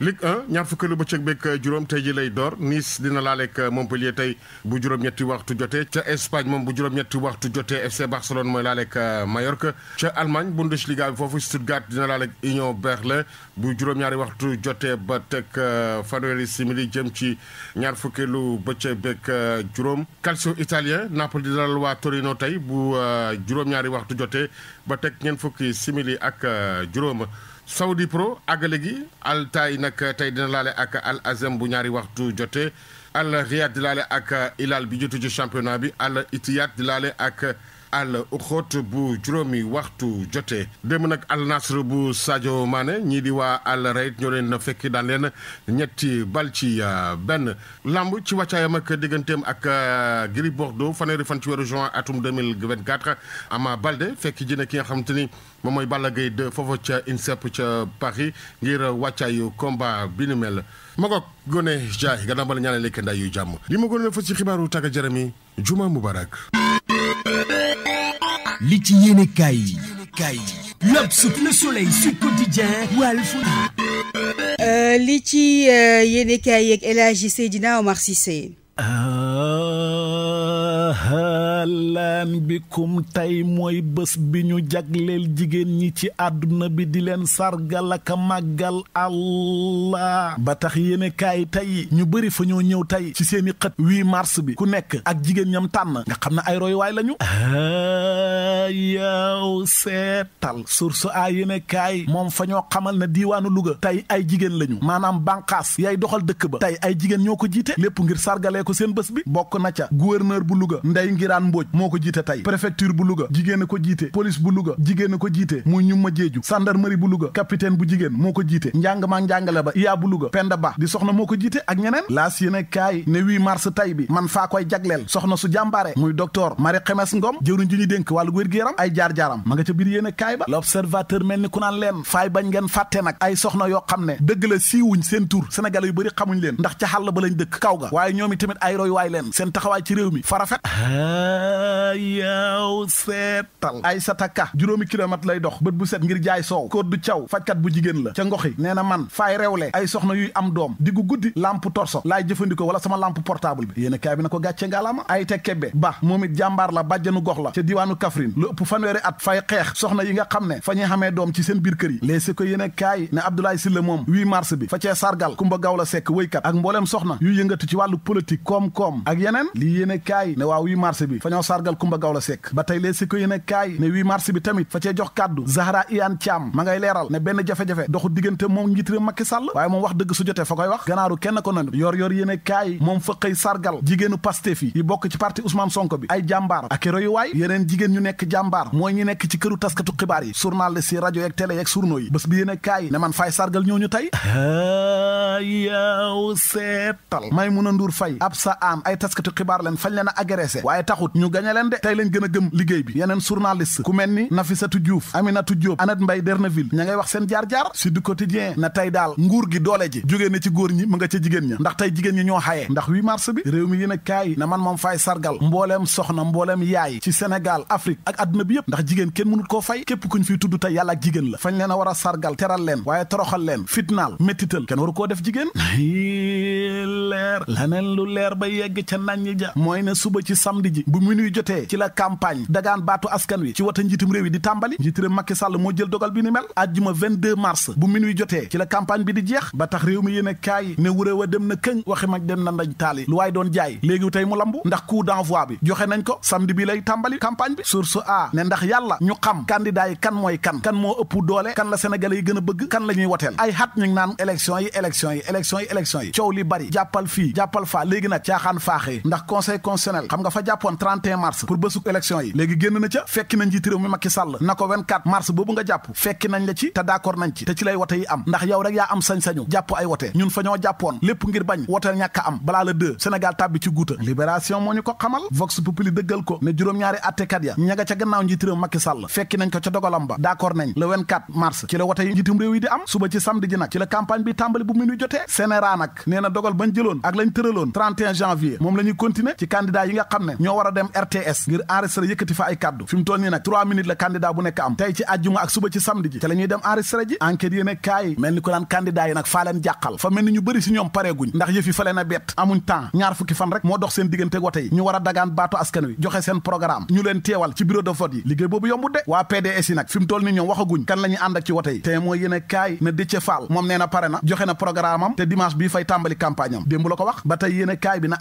Ligue 1 ñaar fukkalu bëccëg bekk juróom tey ji lay door Nice dina laaleeg Montpellier tey bu juróom-ñetti waxtu jotee ca Espagne moom bu juróom-ñetti waxtu jotee FC Barcelone mooy laaleeg euh, Mallorca ca Allemagne Bundesliga bi foofu Stuttgart dina laaleeg Union Berlin bu juróom-ñaari waxtu jotee ba teg euh, fanweeri simili jëm ci ñaar fukkalu bëccëg beeg euh, juróom Calcio italien Napoli dina laal waa Torino tey bu juróom-ñaari waxtu jotee ba teg ñeent fukki simili ak juróom. Saudi Pro àggale gi Al Tay nag tey dina laale ak Al Azem bu ñaari waxtu jotee Al Riyad di laale ak Hilal bi jotu ci championnat bi Al Ittihad di laale ak. al xóot bu juróomi waxtu jotee démb nag al nasr bu Sadio Mané ñii di waa al rayit ñoo leen fekk daan leen ñetti bal ci euh, benn lamb ci wàccaayam ak digganteem ak euh, Gris Bordeaux fanweeri fan ci weeru juin atum 2024 Ama Baldé fekk ji na ki nga xamante ni moom mooy Balla Gaye 2 foofa ca INSEP ca Paris ngir wàccaayu combat bi ni ma Magog Gone Jaay gannaaw bala ñaanal lekk nday yu jàmm li ma gone la fas ci xibaaru tàggat yaram yi Juma li ci yéene kaay yi kaay yi L'Obs, Le Soleil, Sud Quotidien, Walf euh, li ci euh, yéene kaay yeeg El Hadji Seydina lan bikum tey mooy bés bi ñu jagleel jigéen ñi ci àdduna bi di leen sargal ak màggal Allah ba tax yéene kaay tey ñu bëri fa ñoo ñëw tey ci seeni xët 8 mars bi ku nekk ak jigéen ñam tànn nga xam na ay royuwaay lañu yow seetal source a yéene moom fa ñoo xamal ne diiwaanu Louga tey ay jigéen lañu maanaam bànqaas yay doxal dëkk ba tey ay jigéen ñoo ko jiite lépp ngir sargalee ko ko seen bés bi bokk na ca gouverneur bu Louga Ndeye Ngiraan Mbodj moo ko jiite tey préfecture bu Louga jigéen ko jiite police bu Louga jigéen ko jiite muy ñumma jeeju gendarmerie bu luga capitaine bu jigéen moo ko jiite njàng maa njàngale ba iyaa bu Louga Penda Ba di soxna moo ko jiite ak ñeneen laas yéene kaay ne 8 mars tay bi man faa koy jagleel soxna su jàmbaare muy docteur Marie Xemes Ngom jëwriñ ji ñu dénk wàllu wér-gu-yaram ay jaar-jaaram ma nga ca biir yéene kaay ba l'observateur mel ni ku naan leen faay bañ ngeen fàtte nag ay soxna yoo xam ne dëgg la siiwuñ seen tur yu bëri xamuñ leen ndax ca xàll ba lañ dëkk kaw ga ay royuwaay leen seen taxawaay ci réew mi fa rafet yaaw seetal ay sataka juróomi kilomètre lay dox bët bu set ngir jaay soow kóor du caw fajkat bu jigéen la ca ngoxi nee na man faay rewle ay soxna yuy am doom diggu guddi lampe torso laay jëfandikoo wala sama lampe portable bi yéen bi na ko gàcce ngalaama ay te kebbe ba moom it jàmbaar la bàjjanu gox la ca diwaanu Kaffrine lu ëpp fanweeri at fay xeex soxna yi nga xam ne fa ñuy xamee doom ci seen biir kër yi léegi a kaay ne Abdoulaye Sylla moom 8 mars bi fa cee sargal Kumba Gawla Seck yuy yëngatu ci wàllu politique koom-koom ak yeneen lii yéen kaay ne waa 8 mars bi fa ñoo sargal Kumba Gawla seek ba tey lee si ko yéen kaay ne 8 mars bi tamit fa cee jox kàddu Zahra Iyane Thiam ma ngay leeral ne benn jafe-jafe doxu diggante moom njiit réew Macky Sall waaye moom wax dëgg su jotee fa koy wax ganaaru kenn ko nanu yor yor yéen kaay moom fa xëy sargal jigéenu Pastef yi yi bokk ci parti Ousmane Sonko bi ay jàmbaar ak royuwaay yeneen jigéen ñu nekk jàmbaar mooy ñu nekk ci këru taskatu xibaar yi journaliste yi rajo yeeg télé yeeg journaux yi bés bi yéen kaay ne man fay sargal ñooñu tey [LAUGHS] yaw seetal may mun a nduur fay Habsa Anne ay taskatu xibaar leen fañ leen a agressé waaye taxut ñu gañe leen de tey lañ gën gëm liggéey bi yeneen journaliste ku mel ni Nafisatu Diouf Aminatu Diop Annette Mbaye Derneville ña ngay wax seen jaar-jaar Sud Quotidien na tey daal nguur gi doole ji jógee na ci góor ñi mu nga ca jigéen ña ndax tey jigéen ñi ñoo xayee ndax 8 mars bi réew mi yéen a na man moom fay sargal mbooleem soxna mbooleem yaay ci Sénégal Afrique ak adduna bi yëpp ndax jigéen kenn mënut koo fay képp kuñ tudd tey la fañ leen a a sargal teral leen waaye toroxal leen fitnaal méttital [LAUGHS] leer ba yegg ca nañ ja mooy ne suba ci ba tax réew mi yéen a kaay ne wuréew a dem na këng waxi mag dem na ndañ taali lu waaye doon jaay léegi tey mu lambu ndax coup d'envoi bi joxe nañ ko samedi bi lay tàmbali campagne bi source a ne ndax yàlla ñu xam candidat yi kan mooy kan kan moo ëpp doole kan la sénégalais yi gën bëgg kan la ñuy woteel ay xat ñu ngi naan élection yi élection yi élection yi coow li bari jàppal fii jàppal faa léegi na caaxaan faaxee ndax conseil constitutionnel xam nga fa jàppoon 31 mars pour bésuk élection yi léegi génn na ca fekki nañ njiit mi Macky Sall na ko 24 mars boobu nga jàpp fekki nañ la ci te d'accord nañ ci te ci lay wote yi am ndax yow rek yaa am sañ-sañu jàpp ay wote ñun fa ñoo jàppoon lépp ngir bañ wote ñàkk am balaa la deux tàbbi ci guuta libération moo ñu ko xamal vox populi dëggal ko ne juróom-ñaari attekat ya ña ca gannaaw 31 janvier moom la ñuy ci candidat yi nga xam ne ñoo war dem RTS ngir enregistré yëkkati fa ay kaddu fi nii nag trois minutes la candidat bu nekk am tey ci àjjuma ak suba ci samedi ji te la dem enregistré ji enquête yéen a kaay mel ni ko naan candidat yi nag faa jàqal fa mel ni ñu bëri si ñoom pareeguñ ndax yëf fa leen a bett amuñ temps ñaar fukki fan rek moo dox seen diggante wote yi ñu war dagaan baatu askan wi joxe seen programme kaay bi na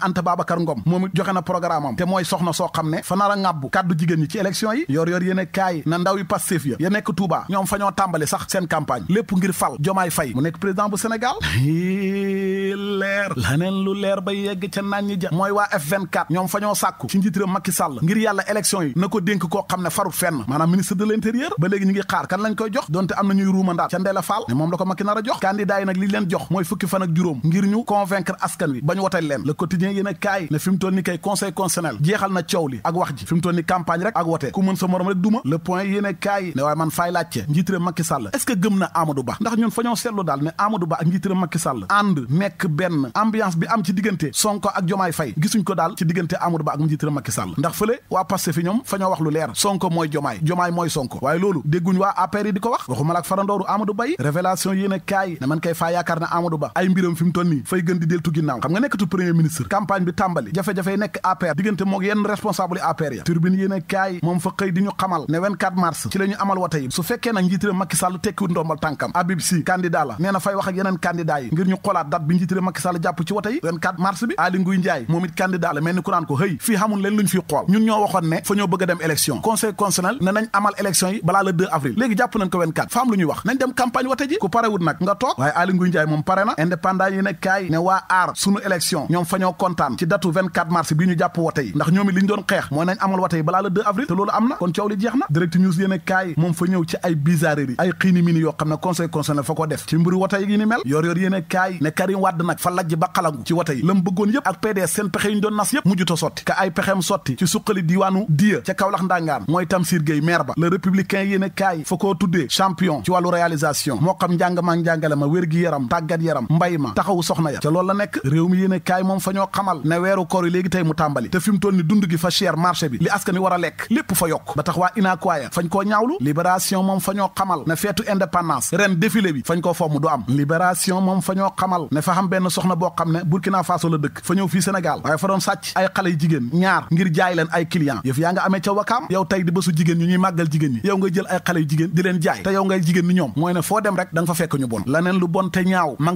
a lu leer ba yegg ca naan ñi ja mooy waa F24 ñoom fa ñoo sàkku ci njiitiram Macky Sall ngir yàlla élection yi na ko dénk koo xam ne farut fenn maanaam ministre de l'intérieur ba léegi ñu ngi xaar kan lañ koy jox donte am na ñuy ruumandaat ca Ndella Fall ne moom la ko Macky nar a jox candidat yi nag li leen jox mooy fukki fan ak juróom ngir ñu convaincre askan wi ba ñu leen quotidien yéen a kaay ne fi mu ni kay conseil constitutionnel jeexal na coow li ak wax ji fi mu toll ni campagne rek ak wote ku mën sa morom rek duma le point yéen a kaay ne waaye man faay laajte njiitëram Macky Sall est gëm na Amadou Ba ndax ñun fa ñoo seetlu daal ne Amadou Ba ak njiitëram Macky Sall ànd nekk benn ambiance bi am ci diggante Sonko ak Jomaay Fay gisuñ ko daal ci diggante Amadou Ba ak njiitëram Macky Sall ndax fële waa Pastef fi ñoom fa leer Sonko mooy Jomaay Jomaay mooy waa APR yi di ko wax waxuma a kaay ne man ministre bi tàmbali jafe-jafe nekk APR diggante mook yenn responsable yi ya turbine yéen kaay moom fa xëy di ñu xamal ne mars ci la ñu amal wate yi su fekkee nag njiitire Macky Sall tekkiwut ndombal tànkam Habib Sy candidat la nee na fay wax yeneen candidat yi ngir ñu xoolaat date bi njiitire Macky Sall jàpp ci wate yi mars bi Aly Ngouille moom it candidat la mel ni ku naan ko hëy fii xamul leen luñ fiy xool ñun ñoo waxoon ne ñoo kontaan ci datu 24 mars bi ñu jàpp wote yi ndax ñoom it li ñu doon xeex mooy nañ amal wote yi balaa le 2 avril te loolu am na kon coow li jeex na direct news yéen kaay moom fa ñëw ci ay bizarrerie ay xiini mini yoo xam ne conseil constitutionnel fa ko def ci mbiru wote yi ni mel yor yor kaay ne Karim Wade nag fa lajj ba xalangu ci wote yi lam bëggoon yëpp ak PDS seen pexe yi ñu doon nas yëpp mujjuta sotti ka ay pexem sotti ci suqali diiwaanu diya ca Kaolack ndangaan réalisation moo xam njàng ma ma wér gi yaram tàggat yaram mbay ma taxawu soxna ya ca nekk réew mi yéen kaay moom ñoom fa ñoo xamal ne weeru koor yi léegi tey mu tàmbali te fi mu toll ni dund gi fa cher marché bi li askan wi war a lekk lépp fa yokk ba tax waa inaakuwaaya fañ koo ñaawlu libération moom fa ñoo xamal ne feetu indépendance ren défilé bi fañ koo fomm du am libération moom fa ñoo xamal ne fa xam benn soxna boo xam ne Burkina Faso la dëkk fa ñëw fii Sénégal waaye fa doon sàcc ay xale yu jigéen ñaar ngir jaay leen ay client yëf yaa nga amee ca wakaam yow tey di bésu jigéen ñu ñuy màggal jigéen ñi yow nga jël ay xale leen jaay te yow ngay jigéen ni ñoom mooy ne foo dem rek da nga fa fekk ñu bon laneen lu bon te ñaaw ma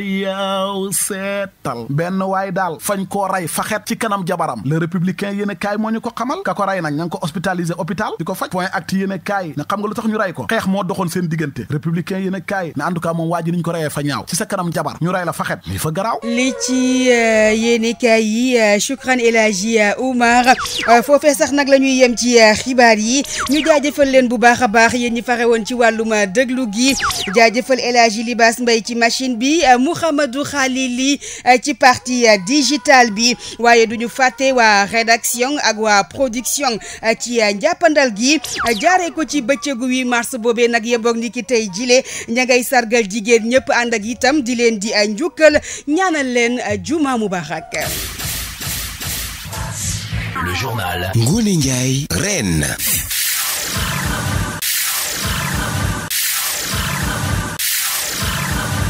yow seetal benn waay daal fañ koo rey faxet ci kanam jabaram le républicain yéen a moo ñu ko xamal ka ko rey nag ña ko hospitalisé hôpital di ko faj point acte yéen a kaay ne xam nga lu tax ñu rey ko xeex moo doxoon a kaay ne moom waa ko reyee fa ñaaw ci sa kanam jabar ñu rey la faxet li fa garaaw li ci euh, yéen a kaay yi Choukran euh, El Hadji euh, sax nag la ñuy yem ci xibaar yi ñu jaajëfal leen bu baax a baax yéen ñi fare woon ci wàllum déglu gi jaajëfal El Hadji Libaas Mbay ci machine bi Mouhamadou Khalili eh, ci parti eh, digital bi waaye duñu fàtte waa rédaction ak waa production eh, ci njàppandal gi jaaree ko ci bëccëgu 8 mars boobe nag yeboog ni ki tey jile ña ngay sargal jigéen ñépp ànd ak itam di leen di njukkal ñaanal leen juma mubarak Le journal Ngoné Ndiaye